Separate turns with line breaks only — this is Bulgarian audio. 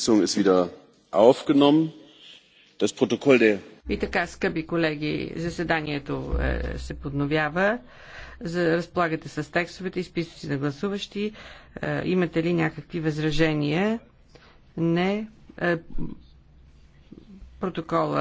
Sitzung ist wieder aufgenommen. Das Protokoll der
и така, скъпи колеги, заседанието е, се подновява. За, разполагате с текстовете и списъци на гласуващи. Е, имате ли някакви възражения? Не. Е, протокола